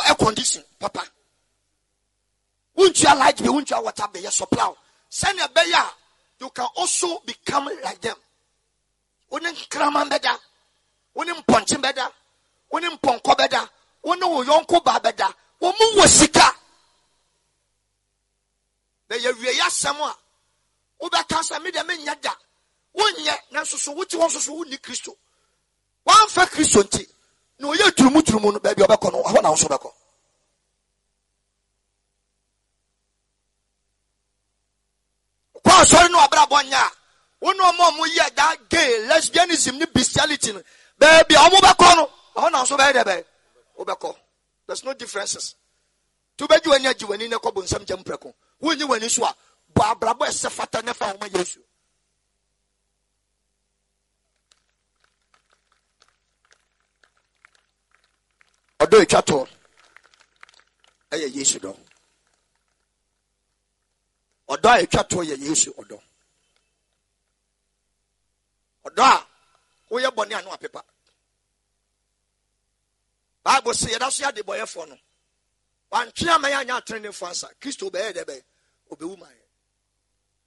air condition papa wontua light bi wontua water bi yɛ supply Send ɛbɛyɛ a you can also become like them wone nkraman bɛda wone mpɔnkye bɛda wone mpɔnkɔ bɛda wone wo you baa better, wɔn mu wɔ sika na yɛwie yɛ asɛm a wobɛka sɛ medeɛ menyɛ da wonyɛ nanso so wote hɔ soso wonni kristo woamfa kristo nti na ɔyɛ turumuturumu no baabi ɔbɛkɔ no hɔ na wo so bɛkɔ kɔ asɔre no abrabɔ da gay lesbianism bestiality no no na so there's no differences to bɛgye w'ani agye w'ani na wonyi w'ani so a bɔ abrabɔ ɛsɛ fata ne fa ahoma yesu ɔdɔ etwa toɔ ɛyɛ yesu dɔ ɔdɔ a etwa toɔ yɛ yesu ɔdɔ ɔdɔ a woyɛ bɔ ne ano apepa baabu si yɛda so yɛ adebɔyɛfoɔ no wantwe ama yɛ anya atene ne fo ansa kristo bɛyɛ dɛ bɛyɛ. obewu woman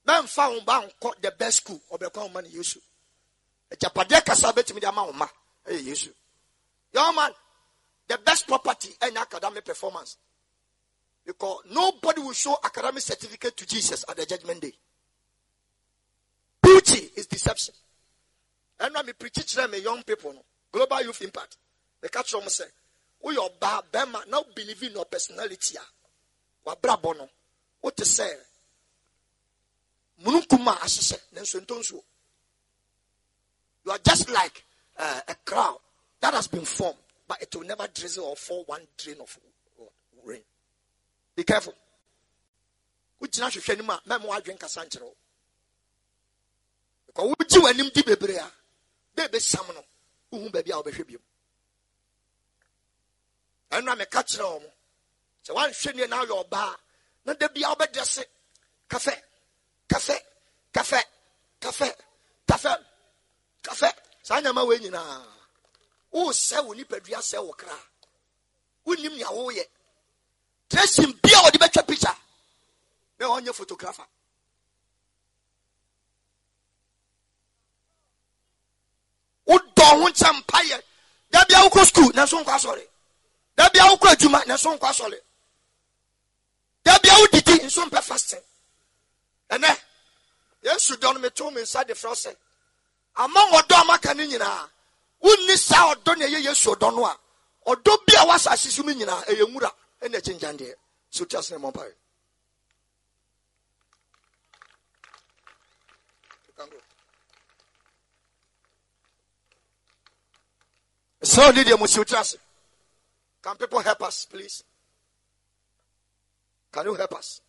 man mɛmfa wo ba the best school ɔbɛkɔ wo ma no yesu agyapadeɛ kasa bɛtumi de ama wo ma ɛyɛ yesu young man the best property in academic performance because nobody will show academic certificate to jesus at the judgment day beauty is deception ɛnna me preach them a young people no global youth impact meka kyerɛ wɔn sɛ ba ɔbaa bɛrima na believe in your personality wa wabrabɔ no wote sɛ mununkum a ahyehyɛ nanso ntonsuo you are just like uh, a crown that has been formed but it will never drizzle or fall one drain of rain be careful wogyina hwehwɛ anim a mɛma woadwen kasa nkyerɛ wo because wogye w'anim di bebree a dɛ ɛbɛsiam no wohu baabi a wobɛhwɛ biom ɛno a meka kyerɛ wɔ mo sɛ woanhwɛ nie na woyɛ ɔbaa na da bia wobɛdɛ se kafɛ kafɛ kafɛ kafɛ kafɛ kafɛ saa nyama wei nyinaa wosɛ wo nipadua sɛ wo kra wonnim nea woyɛ tracing bia wɔde bɛtwa picture na ɔnyɛ photographer wodɔ ho kyɛ mpayɛ da bia wokɔ school nanso nkɔ asɔre da bia wokɔ adwuma nanso nkɔ asɔre dabi awo didi nso mpɛ fasting ɛnɛ yesu dɔ no meto me nsa de frɛ sɛ ama ɔdɔ amaka no nyinaa wonni saa ɔdɔ na ɛyɛ yesu ɔdɔ no a ɔdɔ bi a wasase so mu nyinaa ɛyɛ nwura ɛna ɛkyenkyan deɛ so ti asene mɔ mpae sɛ ɔde deɛ mu siw tiri ase can people help us please Can you help us?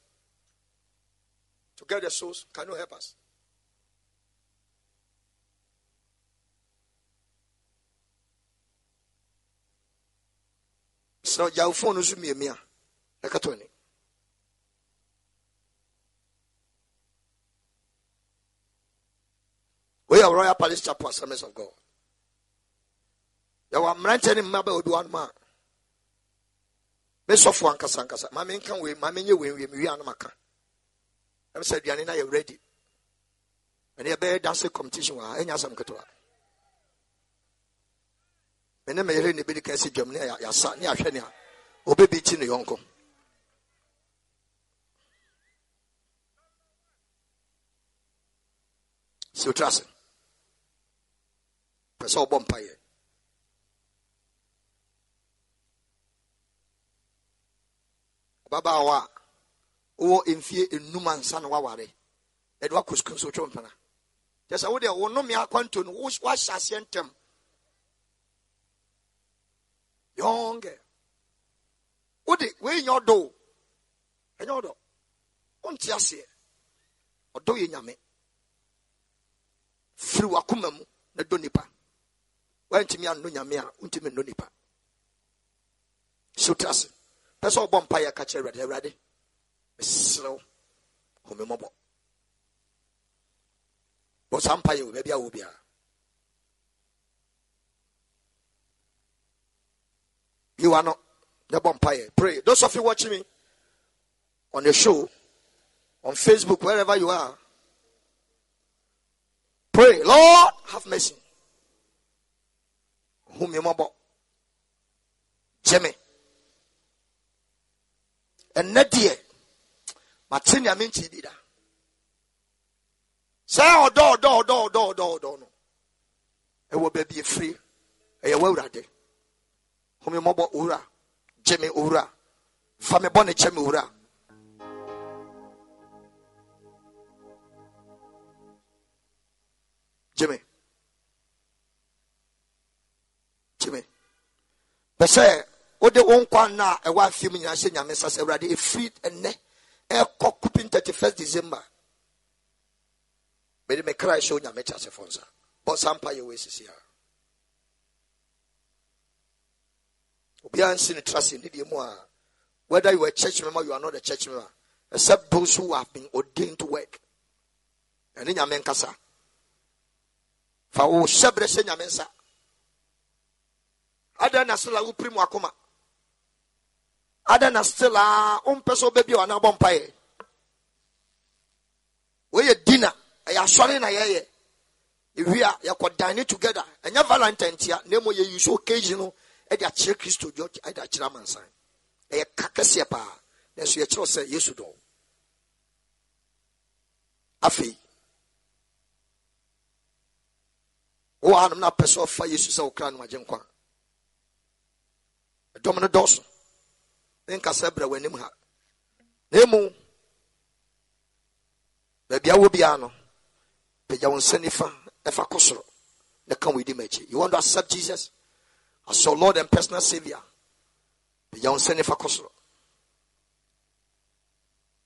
To get the souls, can you help us? So your phone is me mia. Ekatoni. We are Royal Palace Chapel Assemblies of God. Your mmerante ne mmaba obi wan ma mesɔfo ankasa ankasa maame nka wei maame nye wei wei mewie anam aka ɛm sɛ aduane na yɛ ready ɛne yɛbɛyɛ danse competition wɔ ha ɛnya asɛm ketewa me ne meyere ne bi de kɛse dwam ne yɛasa ne yɛahwɛ ne a ɔbɛbi kyi ne yɔnko sɛ wotra ase pɛ sɛ wobɔ mpayɛ ababaawa a wowɔ mfie enum ansa na waware yɛde wakɔ sukuu nso twɛ mpana kyɛ sɛ wodeɛ wo akwanto no wahyɛ aseɛ ntɛm yɔnge wode wei we ɔdɔ o ɛnyɛ ɔdɔ wonte aseɛ ɔdɔ yɛ nyame firi wakoma mu na dɔ nipa woantumi anno nyame a wontumi nno nipa sotrase pɛ sɛ ɔbɔ mpa yɛ ka kyerɛ awurade awurade mesrɛ wo home mmɔbɔ bɔ saa mpa yɛ wo baabi a wo biara yiwa no ne bɔ mpa yɛ pray those of you watching me on the show on facebook wherever you are pray lord have mercy home mmɔbɔ gye me and deɛ mate nea menkyi bi da sɛ ɔdɔ ɔdɔ ɔdɔ ɔdɔ ɔdɔ ɔdɔ no ɛwɔ baabi efiri ɛyɛ w'awurade homi mɔbɔ owura gye me owura fa me Jimmy, ne wode wo nkwa no a ɛwɔ afie mu nyinaa hyɛ nyame sa awurade ɛfiri ɛnɛ ɛkɔ kopin 31 december mede me kra hyɛ onyame kyɛsefo nsa bɔ sa mpa yɛ wɔasisi a obiara nsi no tra se nnideɛ mu a whether you are a church member you are not a church member except those who have been ordained to work ɛne nyame nkasa fa wo hyɛ berɛ hyɛ nyame nsa adɛn na so la wopiri mu akoma ada na still a wompɛ sɛ wobɛbi a wanabɔ mpaeɛ wɔyɛ dina ɛyɛ asɔre na yɛyɛ ewi a yɛkɔdane together ɛnyɛ valentine tia na mmom yɛyi so occasion no ɛde akyerɛ kristo dwɔ ɛde akyerɛ amansan ɛyɛ ka kɛseɛ paa nanso yɛkyerɛw sɛ yesu dɔn afei wowɔ hanom na pɛ sɛ ɔfa yesu sɛ wokra no agye nkwa ɛdɔm no dɔɔso ne nkasa brɛ w'anim ha na emu baabi awo biara no pagya wo nsa nifa ɛfa kɔ soro na ka wo edim akyi you want to accept jesus as your lord and personal saviour pagya wo nsa nifa kɔ soro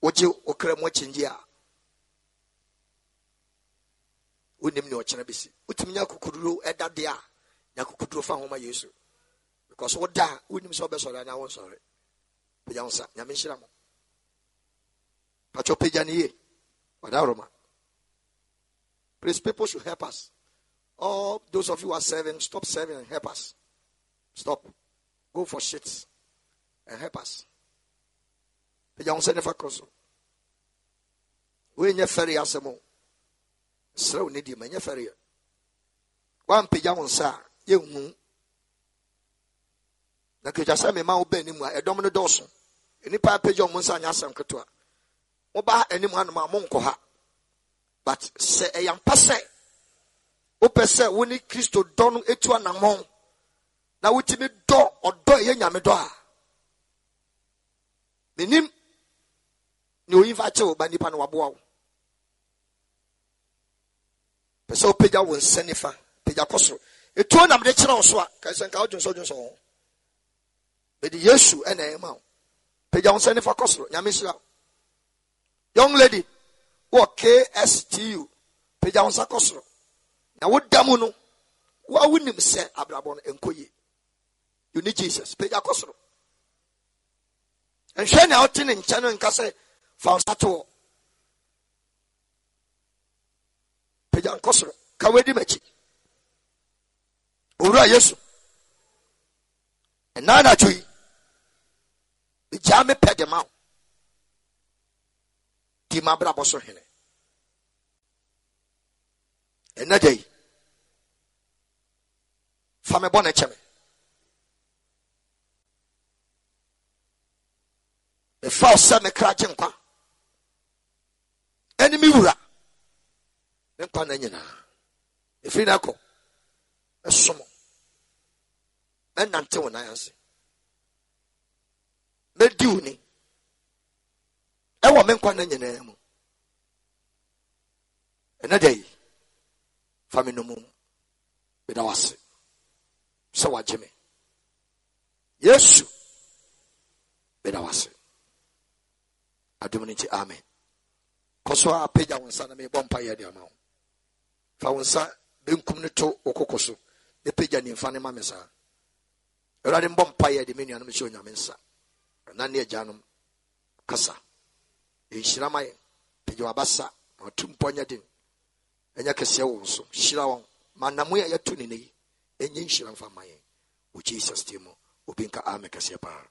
wogye wokra mu akyingye a wonim ne ɔkyena bɛsi wotumi nya akokoduro ɛda deɛ a nya akokoduro fa homa yesu because woda wonim sɛ wobɛsɔre anaa wonsɔre pagya wo nsa nyame nhyira mo patwɔ pagya ne yie ɔda roma please people should help us all those of you are serving stop serving and help us stop go for shit and help us pagya wo nsa ne fa kɔ so woenyɛ fɛre asɛm o serɛ wo ne di ma ɛnyɛ fɛreɛ woampagya wo nsa a yɛnhu na kagya sɛ mema wo ba anim a ɛdɔm no dɔɔso nnipa apagya ɔmo nsa nyɛ asɛm ketewa woba anim hanom a monkɔ ha but sɛ ɛyɛ sɛ wopɛ sɛ wo ne kristo dɔ no ɛtu anammɔn na wotumi dɔ ɔdɔ ɛyɛ nyame dɔ a menim ne oyi fa kyew ba nnipa no waboa wo pɛ sɛ wopagya wo nsa nifa pagya kɔ soro ɛtuo nam de kyerɛ wo so a kae nka wodwonsɔ wo ho mede yesu ena ɛma peja pagya wo nsa nifa kɔ young lady wɔ kstu pagya wo nsa na woda mu no woa wonim sɛ abrabɔ you need jesus peja kusro soro aotin nea enkase ne nkyɛn no nka fa wo nsa to wɔ pagya nkɔ soro ka owura yesu megyaa me pɛ de ma wo di ma abrabɔ so hene ɛnɛ da yi fa me bɔ ne kyɛ me mefa wo sɛ mekra gye nkwa ɛne me wura me nkwa na nyinaa ɛfiri no akɔ ɛsom ɛnante wo nan ase bɛdi wo ni ɛwɔ me nkwa na nyinaa mu ɛnɛ da yi fa me no mu meda wase sɛ wagye me yesu meda wase adom no nti amen kɔ so a nsa na mebɔ mpa yɛ de ama wo fa wo nsa benkum no to wo koko so ne pagya nimfa ne ma me saa awurade mbɔ mpa yɛ de me nuanom hyɛ onyame nsa ɛna ne agyanom kasa ɛnhyira ma yɛn pagya wabasa na ɔto mpɔ nyɛ den ɛnyɛ kɛseɛ wo so hyira wɔn ma namo a yɛto ne no yi ɛnyɛ nhyira mfa ma yɛn wɔ jesus tim mu obi nka amɛ kɛseɛ paa